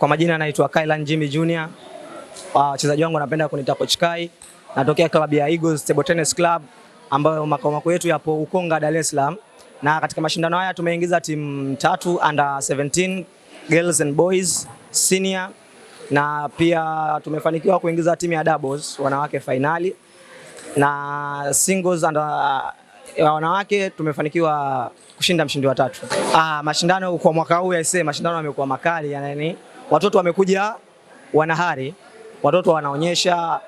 Kwa majina anaitwa Kailan Jimmy Junior. Ah, wachezaji uh, wangu wanapenda kuniita Coach Kai. Natokea klabu ya Eagles Table Tennis Club ambayo makao makuu yetu yapo Ukonga, Dar es Salaam. Na katika mashindano haya tumeingiza timu tatu under 17 girls and boys senior na pia tumefanikiwa kuingiza timu ya doubles wanawake finali na singles under ya wanawake tumefanikiwa kushinda mshindi wa tatu. Ah, mashindano kwa mwaka huu aisee, mashindano yamekuwa makali yani watoto wamekuja wanahari, watoto wanaonyesha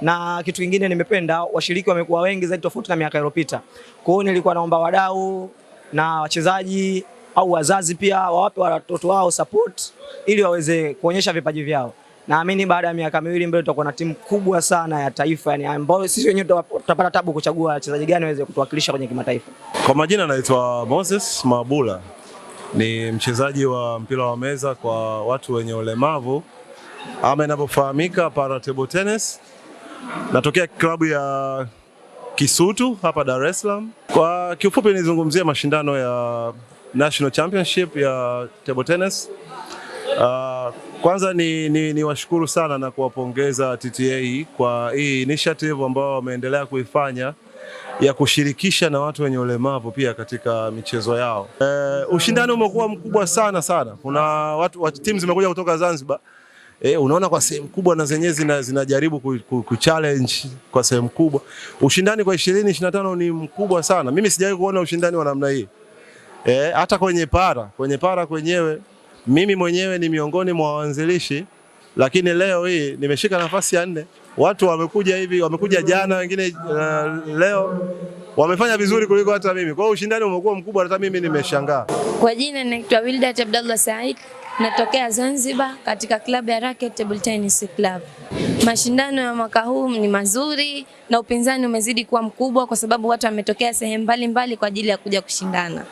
na kitu kingine nimependa, washiriki wamekuwa wengi zaidi tofauti na miaka iliyopita. Kwa hiyo nilikuwa naomba wadau na wachezaji au wazazi pia wawape watoto wao support ili waweze kuonyesha vipaji vyao. Naamini baada ya miaka miwili mbele tutakuwa na timu kubwa sana ya taifa, yani ambayo sisi wenyewe tutapata tabu kuchagua wachezaji gani waweze kutuwakilisha kwenye kimataifa. Kwa majina naitwa Moses Mabula ni mchezaji wa mpira wa meza kwa watu wenye ulemavu ama inavyofahamika para table tennis. Natokea klabu ya Kisutu hapa Dar es Salaam. Kwa kiufupi, nizungumzia mashindano ya National Championship ya table tennis. Uh, kwanza ni, ni, ni washukuru sana na kuwapongeza TTA kwa hii initiative ambayo wameendelea kuifanya ya kushirikisha na watu wenye ulemavu pia katika michezo yao. E, ushindani umekuwa mkubwa sana sana. Kuna watu timu zimekuja kutoka Zanzibar. E, unaona kwa sehemu kubwa na zenyewe zina, zinajaribu kuchallenge kwa sehemu kubwa. Ushindani kwa 20 25 ni mkubwa sana. Mimi sijawahi kuona ushindani wa namna hii. E, hata kwenye para, kwenye para kwenyewe mimi mwenyewe ni miongoni mwa waanzilishi lakini leo hii nimeshika nafasi ya nne. Watu wamekuja hivi, wamekuja jana, wengine uh, leo wamefanya vizuri kuliko hata mimi. Kwa hiyo ushindani umekuwa mkubwa, hata mimi nimeshangaa. Kwa jina naitwa Wildat Abdallah Said, natokea Zanzibar katika klabu ya Racket Table Tennis Club. Mashindano ya mwaka huu ni mazuri na upinzani umezidi kuwa mkubwa, kwa sababu watu wametokea sehemu mbalimbali kwa ajili ya kuja kushindana.